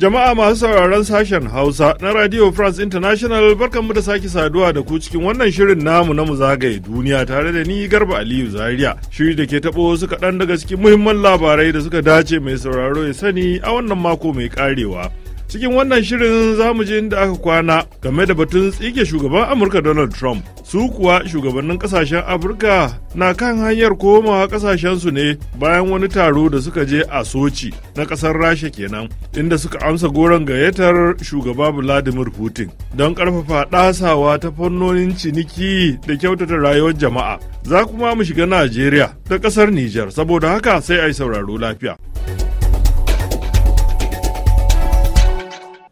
Jama'a masu sauraron sashen Hausa na Radio France International barkanmu da sake saduwa da ku cikin wannan shirin namu na mu zagaye duniya tare da ni Garba Aliyu Zaria. Shiri da ke taɓo wasu kaɗan daga cikin muhimman labarai da suka dace mai sauraro ya sani a wannan mako mai karewa. Cikin wannan shirin za mu ji inda aka kwana game da batun tsike shugaban Amurka Donald Trump. Su kuwa shugabannin kasashen Afirka na kan hanyar komawa kasashensu ne bayan wani taro da suka je a Sochi na ƙasar Rasha kenan, inda suka amsa goron gayyatar shugaba Vladimir Putin don ƙarfafa ɗasawa ta fannonin ciniki da kyautata rayuwar jama'a. Za kuma mu shiga Najeriya da ƙasar Nijar, saboda haka sai a yi sauraro lafiya.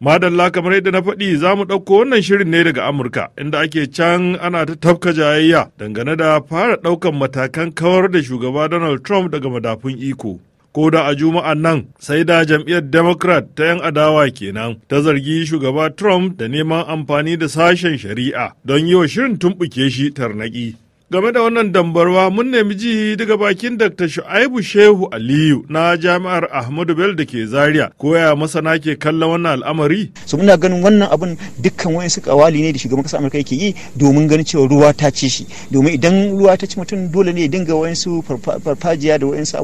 Madalla kamar yadda na faɗi za mu ɗauko wannan shirin ne daga Amurka inda ake can ana ta tafka jayayya dangane da fara ɗaukan matakan kawar da shugaba Donald Trump daga madafun iko. Ko da a juma'a nan sai da jam'iyyar Democrat ta 'yan adawa kenan ta zargi shugaba Trump da neman amfani da sashen shari'a don yi wa shirin tumɓuke shi tarnaki. Game da wannan dambarwa mun nemi ji daga bakin Dr. Shu'aibu Shehu Aliyu na Jami'ar Ahmadu Bello da ke Zaria. ko ya masana ke kallon wannan al'amari? So muna ganin wannan abun dukkan wayan su kawali ne da shugaban kasar Amurka yake yi domin ganin cewa ruwa ta ci shi. Domin idan ruwa ta ci mutum dole ne dinga wayan su farfajiya da wayan su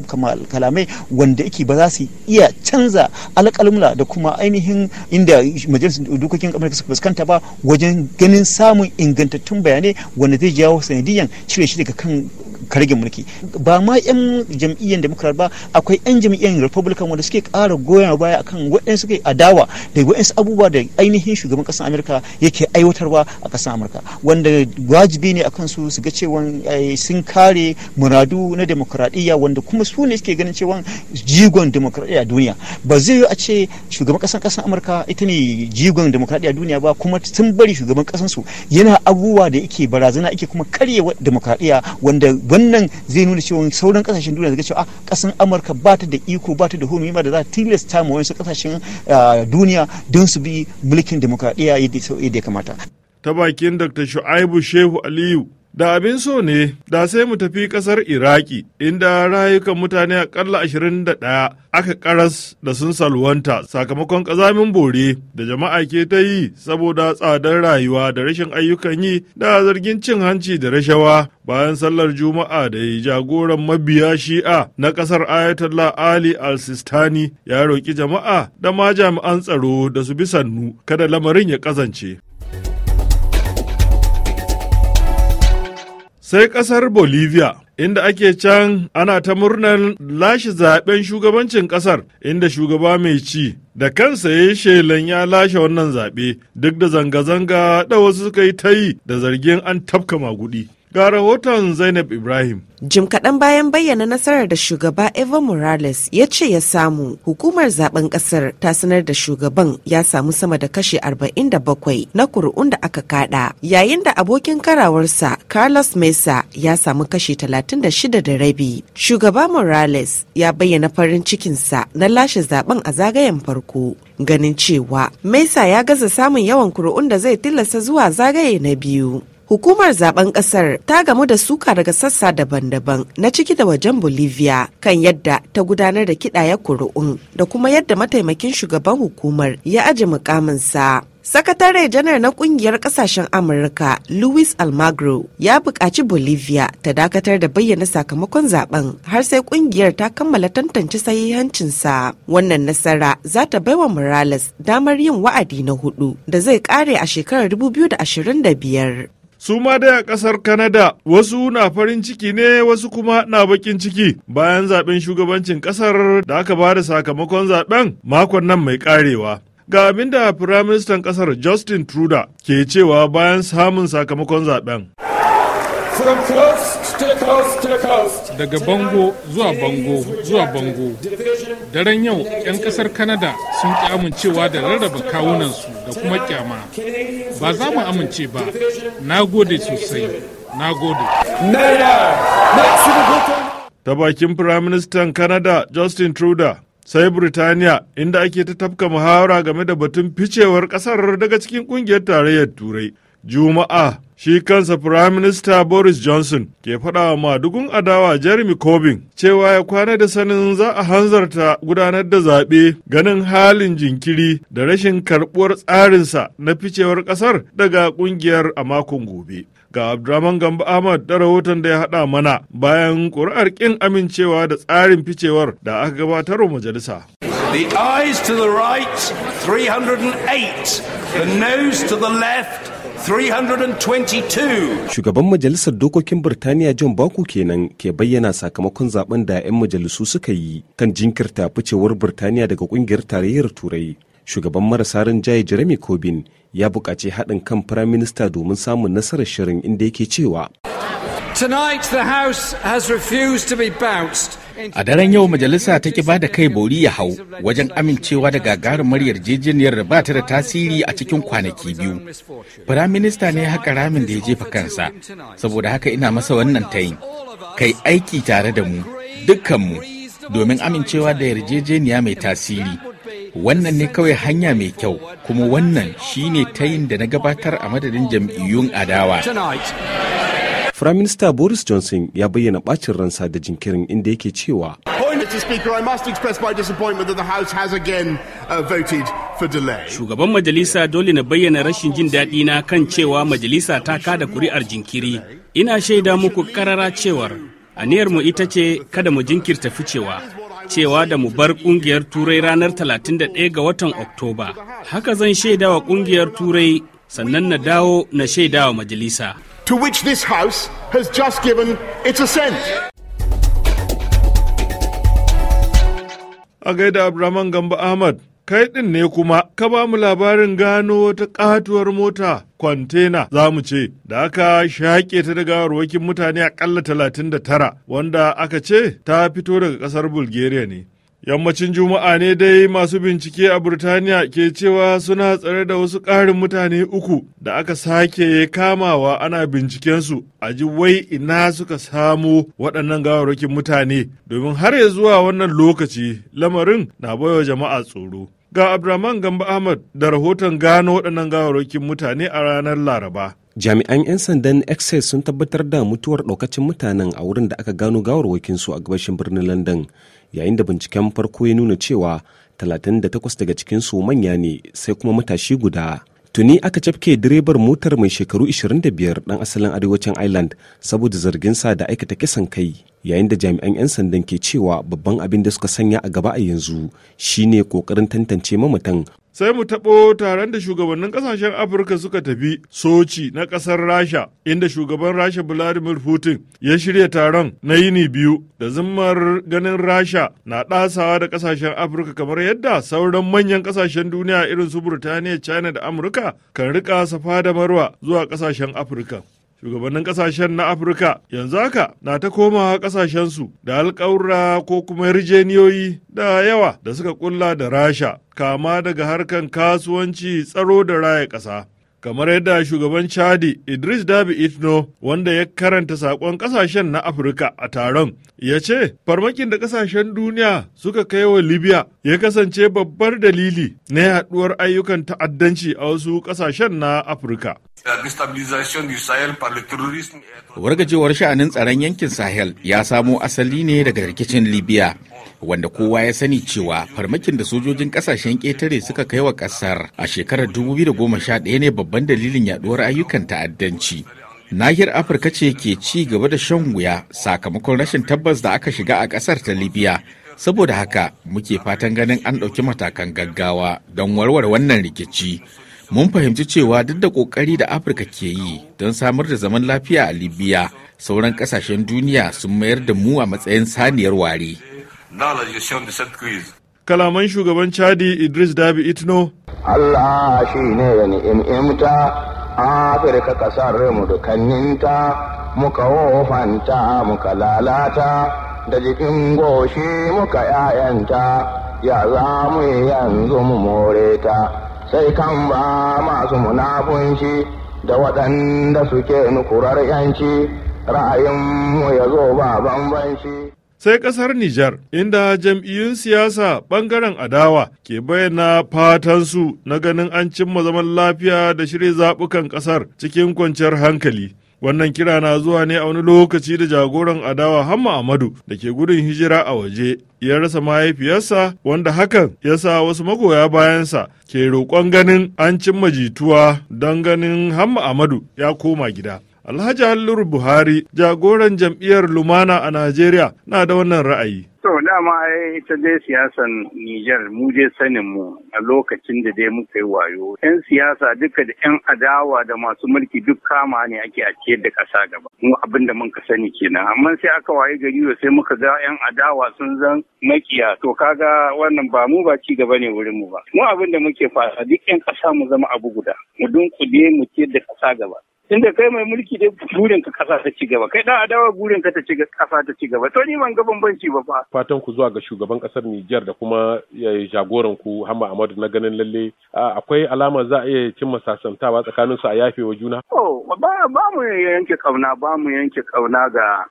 kalamai wanda yake ba za su iya canza alƙalmula da kuma ainihin inda majalisar dokokin Amurka suka fuskanta ba wajen ganin samun ingantattun bayanai wanda zai jawo sanadiyan 去了，是那个坑。karge mulki ba ma yan jam'iyyar democrat ba akwai yan jam'iyyar republican wanda suke kara goyon baya akan waɗansu suke adawa da waɗansu abubuwa da ainihin shugaban ƙasar amurka yake aiwatarwa a ƙasar amurka wanda wajibi ne akan su su ga cewa eh, sun kare muradu na demokradiyya wanda kuma su ne suke ganin cewa jigon demokradiyya a duniya ba zai yi a ce shugaban ƙasar ƙasar amurka ita ne jigon demokradiyya a duniya ba kuma sun bari shugaban ƙasar su yana abubuwa da yake barazana yake kuma karye demokradiyya wanda wannan zai nuna cewa sauran kasashen duniya daga cewa ah, kasan amurka ba ta da iko ba ta da homi ma da za ta tilasta ma wasu kasashen ah, duniya don su bi mulkin demokradiyya yadda ya kamata ta bakin dr shu'aibu shehu aliyu Da abin so ne, da sai mu tafi ƙasar Iraki, inda rayukan mutane da 21 aka karas da sun salwanta sakamakon ƙazamin bore da jama'a ke ta yi saboda tsadar rayuwa da rashin ayyukan yi da zargin cin hanci da rashawa bayan sallar Juma'a da ya jagoran mabiya shi'a na ƙasar Ayatollah Ali Al-Sistani ya roƙi jama'a da ma jami'an tsaro da su bi sannu kada lamarin ya ƙazance. sai ƙasar Bolivia. inda ake can ana ta murnar lashe zaben shugabancin kasar inda shugaba mai ci da kansa ya shelan ya lashe wannan zaɓe duk da zanga-zanga da wasu suka yi ta yi da zargin an tafka magudi. Ga rahoton Zainab Ibrahim. Jim kaɗan bayan bayyana nasarar da shugaba Eva Morales ya ce ya samu hukumar zaben ƙasar ta sanar da shugaban ya samu sama da kashe 47 na kuri'un da aka kada yayin da abokin karawarsa Carlos Mesa ya samu kashe 36 da rabi. Shugaba Morales ya bayyana farin cikinsa na lashe zaben a zagayen farko ganin cewa Mesa ya gaza samun yawan kuri'un da zai tilasta zuwa zagaye na biyu. Hukumar zaben kasar ta gamu da suka daga sassa daban-daban na ciki da wajen Bolivia kan yadda ta gudanar da kidaya kuri'un da kuma yadda mataimakin shugaban hukumar ya aji mukaminsa. Sakatare janar na kungiyar kasashen Amurka Luis Almagro ya buƙaci Bolivia ta dakatar da bayyana sakamakon zaben har sai kungiyar ta kammala tantance sahihancinsa. Wannan nasara za ta bai wa Morales damar yin wa'adi na hudu da zai kare a shekarar 2025. su ma da ƙasar Kanada wasu na farin ciki ne wasu kuma na bakin ciki bayan zaben shugabancin ƙasar da aka ba da sakamakon zaben makon nan mai ƙarewa, Ga abin da Firaministan ƙasar, Justin Trudeau ke cewa bayan samun sakamakon zaben. Daga bango zuwa bango zuwa bango. Daren yau 'yan kasar kanada sun ƙi amincewa da rarraba kawunansu da kuma kyama. Ba za mu amince ba. Na gode sosai. Na gode. Ta bakin Firaministan kanada Justin Trudeau. sai burtaniya inda ake ta tafka muhawara game da batun ficewar kasar daga cikin kungiyar tarayyar Turai. Juma'a shi kansa Prime Minister Boris Johnson ke faɗa madugun adawa Jeremy Corbyn cewa ya kwana da sanin za a hanzarta gudanar da zaɓe ganin halin jinkiri da rashin karɓuwar tsarinsa na ficewar ƙasar daga ƙungiyar a makon gobe. Ga Abdurrahman Gambo Ahmad da rahoton da ya haɗa mana bayan ƙuri'ar ƙin amincewa da tsarin ficewar da aka gabatar wa majalisa. The eyes to the right, 308. The nose to the left, 322. Shugaban Majalisar Dokokin Birtaniya John Baku kenan ke bayyana sakamakon zaben da 'yan majalisu suka yi kan jinkirta ficewar Birtaniya daga kungiyar tarayyar Turai. Shugaban marasa rinjaye Jeremy Corbyn ya buƙaci haɗin kan Prime Minister domin samun nasarar shirin inda yake cewa. Tonight the House has refused to be bounced A daren yau majalisa ta ki bada kai bori ya hau wajen amincewa da gagarumar yarjejeniyar da ba ta da tasiri a cikin kwanaki biyu. Firaminista ne haka ramin da ya jefa kansa, saboda haka ina masa wannan tayin. Kai aiki tare da mu, dukkanmu, domin amincewa da yarjejeniya mai tasiri. Wannan ne kawai hanya mai kyau, kuma wannan shine tayin da na gabatar a madadin jam'iyyun adawa. Firaminista Boris Johnson ya bayyana bacin ransa da jinkirin inda yake cewa. Uh, Shugaban majalisa dole na bayyana rashin jin daɗi na kan cewa majalisa ta kada kuri'ar jinkiri. Ina shaida muku karara cewar aniyarmu ita ce kada mu jinkirta ficewa. cewa da mu bar kungiyar turai ranar 31 ga watan oktoba haka zan shaidawa kungiyar turai sannan na dawo na shaidawa majalisa to which this House has just given its assent. A gaida Abdulrahman Gambo Ahmad, kai ɗin ne kuma ka ba mu labarin gano wata katuwar mota kwantena za mu ce da aka shaƙe ta daga ruwakin mutane aƙalla 39 wanda aka ce ta fito daga ƙasar Bulgaria ne. Yammacin Juma'a ne dai masu bincike a Burtaniya ke cewa suna tsare da wasu ƙarin mutane uku da aka sake kamawa ana bincikensu a ji wai ina suka samo waɗannan gawarwakin mutane domin har ya zuwa wannan lokaci lamarin na baiwa jama'a tsoro. Ga Abdurrahman Gamba Ahmad da rahoton gano waɗannan gawarwakin mutane a ranar Laraba. jami'an 'yan sandan excess sun tabbatar da mutuwar ɗaukacin mutanen a wurin da aka gano gawarwakinsu a gabashin birnin london yayin da binciken farko ya nuna cewa 38 daga cikinsu manya ne sai kuma matashi guda tuni aka cafke direbar motar mai shekaru 25 dan asalin arewacin ireland saboda zargin sa da aikata kisan kai yayin da jami'an 'yan sandan ke cewa babban abin da suka sanya a gaba a yanzu shine kokarin tantance mamatan sai mu taɓo taron da shugabannin ƙasashen afirka suka tafi soci na ƙasar rasha inda shugaban rasha vladimir putin ya shirya taron na yini biyu da zimmar ganin rasha na ɗasawa da ƙasashen afirka kamar yadda sauran manyan ƙasashen duniya irin su burtaniya china da amurka kan riƙa safa da marwa zuwa ƙasashen afirka shugabannin kasashen na afirka yanzu haka na ta komawa kasashensu da alkawura ko kuma yarjeniyoyi da yawa da suka kulla da rasha kama daga harkan kasuwanci tsaro da raya ƙasa kamar yadda shugaban chadi idris dabi itno wanda ya karanta sakon kasashen na afirka a taron ya ce farmakin da kasashen duniya suka kai wa libya ya kasance babbar dalili na yaduwar ayyukan ta'addanci a wasu kasashen na afirka wargajewar sha'anin tsaron yankin sahel ya samo asali ne daga rikicin libya wanda kowa ya sani cewa farmakin da sojojin kasashen ƙetare suka kai wa ƙasar a shekarar 2011 ne babban dalilin yaduwar ayyukan ta'addanci. Nahiyar Afirka ce ke ci gaba da shan wuya sakamakon rashin tabbas da aka shiga a ƙasar ta Libya. Saboda haka muke fatan ganin an ɗauki matakan gaggawa don warware wannan rikici. mun fahimci cewa duk da ƙoƙari da afirka ke yi don samar da zaman lafiya a libya sauran ƙasashen duniya sun mayar da mu a matsayin saniyar ware Na la gestion de cette Kalaman shugaban Chadi Idris Dabi Itno. Allah shi ne ya ni'imta Afirka kasar mu dukanninta muka wofanta muka lalata da jikin goshi muka yayanta ya za mu yanzu mu more ta sai kan ba masu munafunci da waɗanda suke nukurar yanci ra'ayinmu ya zo ba bambanci. sai kasar Nijar, inda jam'iyyun siyasa bangaren adawa ke bayyana fatan su na ganin an cimma zaman lafiya da shirya zaɓukan ƙasar cikin kwanciyar hankali. Wannan kira na zuwa ne a wani lokaci da jagoran adawa Hamma Ahmadu da ke gudun hijira a waje ya rasa mahaifiyarsa wanda hakan ya sa wasu magoya bayansa ke roƙon ganin an cimma jituwa don ganin Hamma Amadu ya koma gida. Alhaji Halliru Buhari jagoran jam'iyyar Lumana a Najeriya na da wannan ra'ayi. To dama ita dai siyasan Nijar mu je sanin mu a lokacin da dai muka yi wayo. 'Yan siyasa duka da 'yan adawa da masu mulki duk kama ne ake a ciyar da ƙasa gaba. Mu abin da mun sani kenan. Amma sai aka waye gari sai muka ga 'yan adawa sun zan makiya. To kaga wannan ba mu ba ci gaba ne wurin mu ba. Mu abin da muke fara duk 'yan ƙasa mu zama abu guda. Mu dunkule mu ciyar da ƙasa gaba. inda kai mai mulki dai burin ka kasa ta ci kai dan adawa burin ka ta ci kasa ta ci gaba to ni ban ga bambanci ba fa fatan ku zuwa ga shugaban kasar Nijar da kuma jagoran ku Hamma Ahmadu na ganin lalle akwai alama za a iya cimma masasantawa tsakanin su a yafewa juna ba ba mu yanke kauna ba mu yanke kauna ga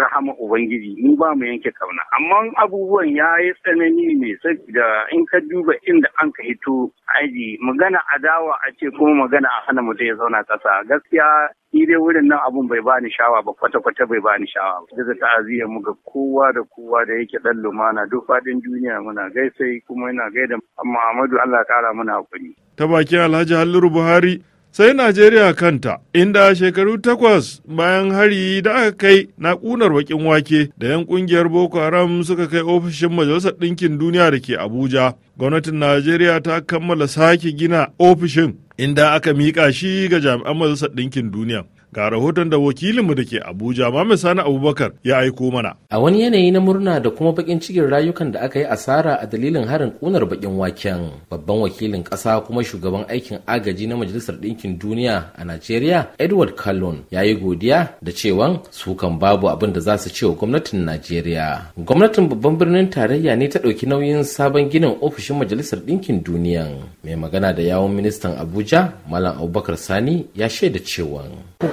rahama ubangiji mu ba mu yanke kauna amma abubuwan ya yi tsanani ne saboda in ka duba inda an ka hito aji magana adawa a ce kuma magana a hana mutum ya zauna kasa gaskiya gaskiya ni dai wurin nan abun bai bani shawa ba kwata-kwata bai bani shawa ba daga ta'aziyya mu ga kowa da kowa da yake ɗan lumana duk faɗin duniya muna gaisai kuma ina gaida Muhammadu Allah ƙara muna hakuri ta baki Alhaji Halliru Buhari sai Najeriya kanta inda shekaru takwas bayan hari da aka kai na kunar bakin wake da 'yan kungiyar Boko Haram suka kai ofishin Majalisar Ɗinkin Duniya da ke Abuja gwamnatin Najeriya ta kammala sake gina ofishin inda aka miƙa shi ga jami'an majalisar ɗinkin duniya Ga rahoton da wakilinmu da ke Abuja Mamin Sani Abubakar ya aiko mana. A wani yanayi na murna da kuma bakin cikin rayukan da aka yi asara a dalilin harin kunar bakin waken. Babban wakilin ƙasa kuma shugaban aikin agaji na Majalisar Ɗinkin Duniya a Najeriya Edward Kallon, ya yi godiya da cewan su kan babu abin da za su ce wa gwamnatin Najeriya. Gwamnatin babban birnin tarayya ne ta ɗauki nauyin sabon ginin ofishin Majalisar Ɗinkin Duniya. Mai magana da yawon ministan Abuja Malam Abubakar Sani ya shaida cewa.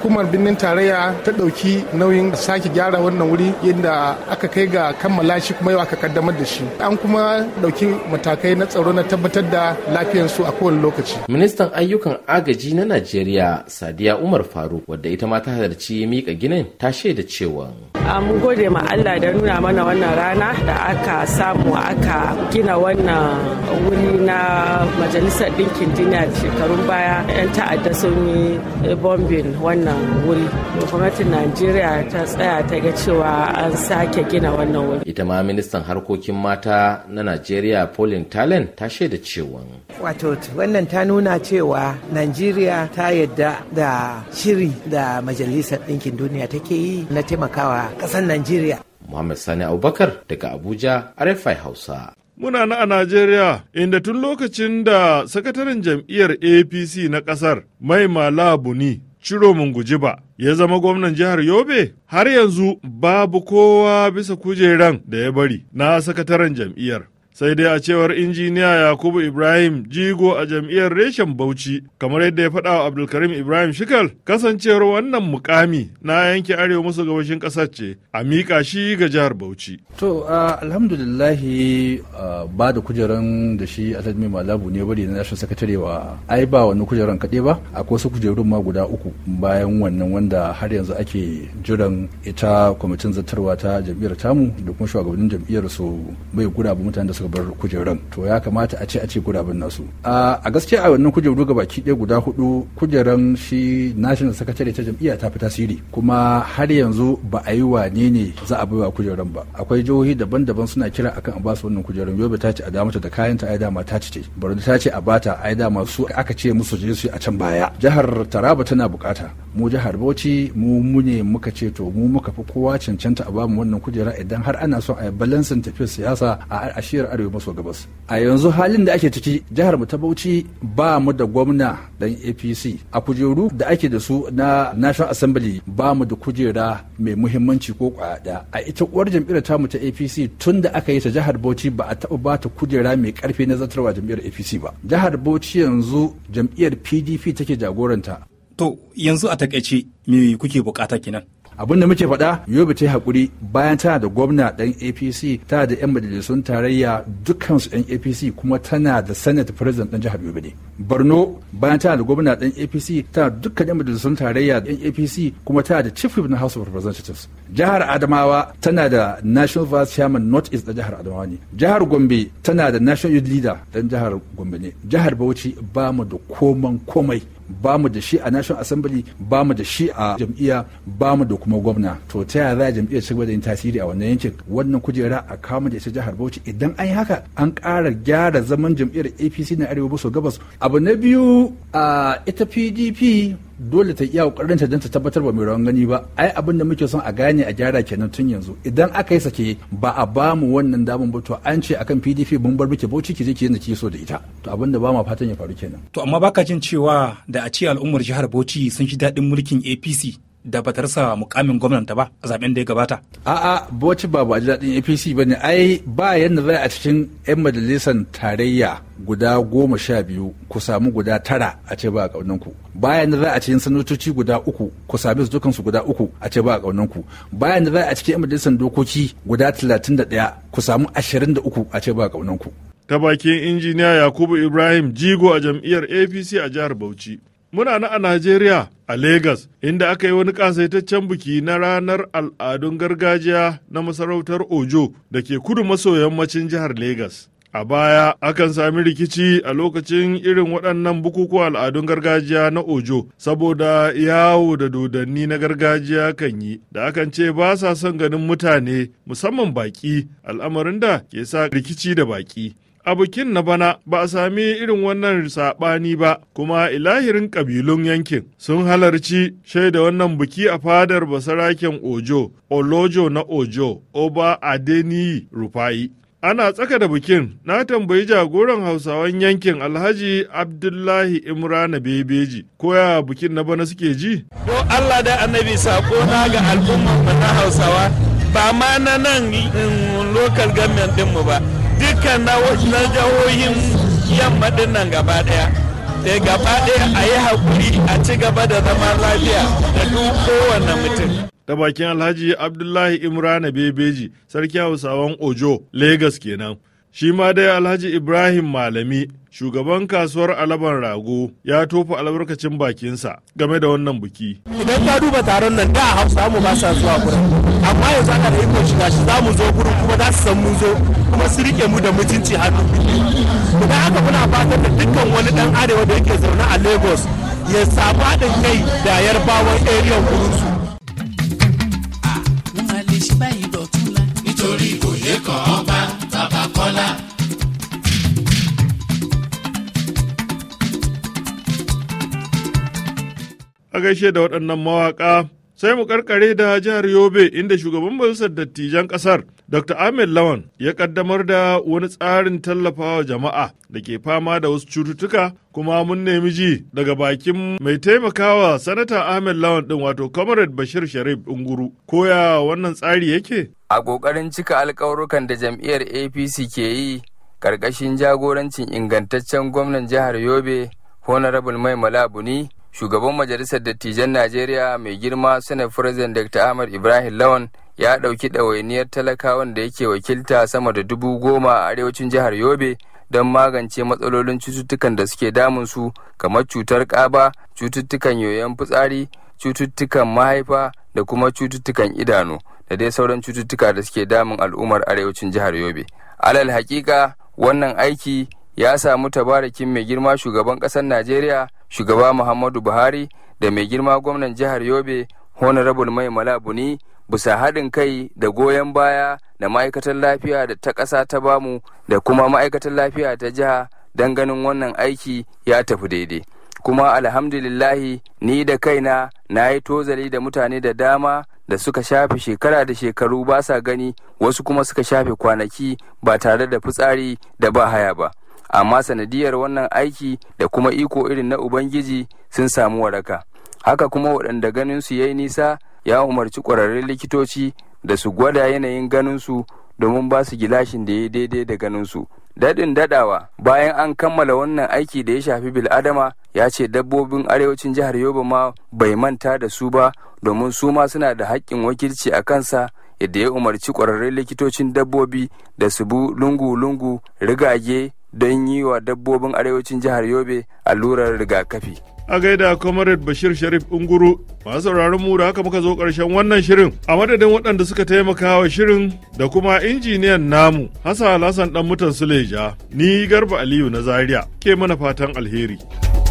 hukumar birnin tarayya ta ɗauki nauyin sake gyara wannan wuri yadda aka kai ga kammala shi kuma yau aka kaddamar da shi an kuma ɗauki matakai na tsaro na tabbatar da lafiyar su a kowane lokaci ministan ayyukan agaji na najeriya sadiya umar faruk wadda ita ma ta halarci mika ginin ta shaida cewa mun gode ma allah da nuna mana wannan rana da aka samu aka gina wannan wuri na majalisar ɗinkin duniya shekarun baya 'yan ta'adda sun yi bombin wannan wuri gwamnatin najeriya ta tsaya ta ga cewa an sake gina wannan wuri ita ma ministan harkokin mata na najeriya polin talen ta shaida cewa wato wannan ta nuna cewa najeriya ta yadda da shiri da majalisar ɗinkin duniya take yi na taimakawa ƙasar najeriya Muhammad Sani Abubakar daga Abuja, RFI Hausa. Muna na a Najeriya, inda tun lokacin da sakataren jam'iyyar APC na ƙasar, Mai Mala Buni, ciro guji ba ya zama gwamnan jihar yobe har yanzu babu kowa bisa kujeran da ya bari na sakataren jam'iyyar sai dai a cewar injiniya yakubu ibrahim jigo a jam'iyyar reshen bauchi kamar yadda ya faɗa wa abdulkarim ibrahim shikal kasancewar wannan mukami na yanke arewa maso gabashin ƙasar ce a miƙa shi ga jihar bauchi to alhamdulillahi ba da kujeran da shi alhaji malabu ne bari na national secretary wa ai ba wani kujeran kaɗai ba akwai wasu kujerun ma guda uku bayan wannan wanda har yanzu ake jiran ita kwamitin zartarwa ta jam'iyyar tamu da kuma shugabannin jam'iyyar su bai guda ba mutanen da suka shugabar kujeran to ya kamata a ce a ce gurabin nasu a gaskiya a wannan kujeru ga baki ɗaya guda hudu kujeran shi national secretary ta jam'iyya ta fi tasiri kuma har yanzu ba a yi wane ne za a baiwa kujeran ba akwai jihohi daban-daban suna kira akan a basu wannan kujeran yobe ta ce a damata da kayanta ai dama ta ce borno ta ce a bata ai dama su aka ce musu je su a can baya jihar taraba tana bukata mu jihar bauchi mu mune muka ce to mu muka fi kowa cancanta a bamu wannan kujera idan har ana so a yi balansin tafiyar siyasa a ashirar arewa maso gabas a yanzu halin da ake ciki jihar mu ta bauchi ba mu da gwamna dan apc a kujeru da ake da su na national assembly ba mu da kujera mai muhimmanci ko kwaya a ita uwar jam'iyyar mu ta apc tun da aka yi ta jihar bauchi ba a taba ba ta kujera mai karfi na zartarwa jam'iyyar apc ba jihar bauchi yanzu jam'iyyar pdp take jagoranta to yanzu a takaice me kuke bukata kenan abinda muke faɗa yobe ta yi hakuri bayan tana da gwamna ɗan apc tana da 'yan majalisun tarayya su 'yan apc kuma tana da senate president ɗan jihar yobe ne borno bayan tana da gwamna ɗan apc tana dukkan 'yan majalisun tarayya 'yan apc kuma tana da chief na house of representatives jihar adamawa tana da national vice chairman north east ɗan jihar adamawa ne jihar gombe tana da national youth leader ɗan jihar gombe ne jihar bauchi ba mu da koman komai ba mu da shi a national assembly ba mu da shi a jam'iyya ba mu da kuma gwamna to ta yaya za a jam'iyyar ci da yin tasiri a wannan yankin wannan kujera a kawo da ita jihar Bauchi idan an yi haka an ƙara gyara zaman jam'iyyar APC na Arewa maso gabas abu na biyu a ita PDP dole ta iya ƙoƙarin ta don ta tabbatar ba mai rawan gani ba ai abin da muke son a gane a gyara kenan tun yanzu idan aka yi sake ba a ba mu wannan damun ba to an ce akan PDP mun bar muke bauchi ki je ki yanda ki so da ita to abin da ba ma fatan ya faru kenan to amma baka jin cewa da a ce al'ummar jihar Bauchi sun ji daɗin mulkin APC da ba ta rasa mukamin ta ba a zaben da ya gabata. A'a bocci babu a daɗin APC ba ne ai ba yadda zai a cikin 'yan majalisar tarayya guda goma sha biyu ku samu guda tara a ce ba a ku. Bayan da za a cikin sanatoci guda uku ku sami su dukansu guda uku a ce ba a ku. Bayan da za a cikin 'yan majalisar dokoki guda talatin da ɗaya ku samu ashirin da uku a ce ba a ku. Ta bakin injiniya Yakubu Ibrahim jigo a jam'iyyar APC a jihar Bauchi. Muna na a Najeriya a Legas, inda aka yi wani kasaitaccen biki na ranar al'adun gargajiya na masarautar Ojo da ke kudu maso yammacin jihar Legas. A baya akan sami rikici a lokacin irin waɗannan bukukuwa al'adun gargajiya na Ojo saboda yawo da dodanni na gargajiya kan yi da akan ce ba sa son ganin mutane musamman baƙi al'amarin da ke sa rikici da baƙi. a bikin na bana ba a sami irin wannan saɓani ba kuma ilahirin ƙabilun yankin sun halarci shaida wannan biki a fadar basaraken ojo olojo na ojo oba adeniyi rufayi ana tsaka da bikin na tambayi jagoran hausawan yankin alhaji abdullahi imrana bebeji koya bikin na bana suke ji ko allah da annabi sako na ga al'ummar na hausawa ba ma na nan mm, local government dinmu ba dukkan na jihohin yamma din nan gaba daya da gaba daya a yi haƙuri a ci gaba da zaman lafiya da duk kowane mutum da bakin alhaji abdullahi imrana bebeji sarki hausawan ojo legas kenan Shi ma dai Alhaji Ibrahim Malami, shugaban kasuwar alaban rago, ya tofa albarkacin bakinsa game da wannan buki. Idan ka duba taron nan da hausa mu ba sa zuwa gurin, amma yanzu aka da iko shiga shi za mu zo gurin kuma za su san mu zo kuma su rike mu da mutunci har Idan haka muna fatan da dukkan wani dan arewa da yake zaune a Lagos ya samu haɗin kai da yarbawan area gurinsu. Bola. A gaishe da waɗannan mawaƙa sai mu karkare da jihar yobe inda shugaban majalisar dattijan kasar dr ahmed lawan ya kaddamar da wani tsarin tallafawa jama'a da ke fama da wasu cututtuka kuma mun nemi ji daga bakin mai taimakawa sanata ahmed lawan din wato comrade bashir sharif unguru koya wannan tsari yake a kokarin cika alkawarukan da jam'iyyar apc ke yi karkashin jagorancin ingantaccen gwamnan jihar yobe honorable mai malabuni shugaban majalisar dattijan najeriya mai girma senate president dr ahmad ibrahim lawan ya ɗauki ɗawainiyar talakawan da yake wakilta sama da dubu goma a arewacin jihar yobe don magance matsalolin cututtukan da suke damunsu kamar cutar ƙaba cututtukan yoyon fitsari cututtukan mahaifa da kuma cututtukan idanu da dai sauran cututtuka da suke damun al'ummar arewacin jihar yobe alal hakika wannan aiki ya samu tabarakin mai girma shugaban ƙasar najeriya shugaba muhammadu buhari da mai girma gwamnan jihar yobe honorable mai malabuni bisa haɗin kai da goyon baya da ma'aikatar lafiya da ta ƙasa ta bamu da kuma ma'aikatar lafiya ta jiha don ganin wannan aiki ya tafi daidai kuma alhamdulillahi ni da kaina na yi tozali da mutane da dama da suka shafe shekara da shekaru ba sa gani wasu kuma suka shafe kwanaki ba tare da fitsari da ba haya ba amma sanadiyar wannan aiki da kuma iko irin na ubangiji sun samu waraka haka kuma waɗanda ganin su ya yi nisa ya umarci ƙwararrun likitoci da su gwada yanayin ganin su domin ba su gilashin da ya daidai da ganin su daɗin daɗawa bayan an kammala wannan aiki da ya shafi bil'adama ya ce dabbobin arewacin jihar yobe ma bai manta da su ba domin su ma suna da haƙƙin wakilci a kansa yadda ya umarci ƙwararrun likitocin dabbobi da su bu lungu-lungu rigage don yi wa dabbobin arewacin jihar Yobe allurar rigakafi. A gaida Comrade Bashir Sharif Unguru, masu sauraron mu da haka muka zo ƙarshen wannan shirin. A madadin waɗanda suka taimaka wa shirin da kuma injiniyan namu, Hassan Hassan ɗan mutan Suleja, ni Garba Aliyu na Zaria, ke mana fatan alheri.